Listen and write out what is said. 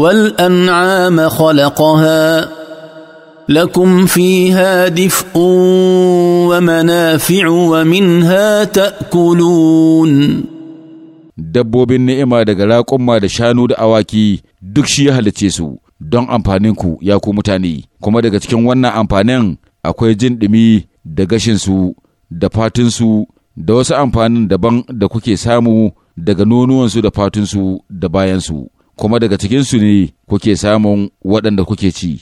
والانعام خلقها لكم فيها دفء ومنافع ومنها تاكلون dabbobin ni'ima daga raƙumma da shanu da awaki duk shi ya halicce su don amfaninku ya ku mutane kuma daga cikin wannan amfanin akwai jin ɗumi da gashinsu da fatinsu da wasu amfanin daban da kuke samu daga nonuwansu da fatinsu da bayansu kuma daga cikinsu ne kuke samun waɗanda kuke ci.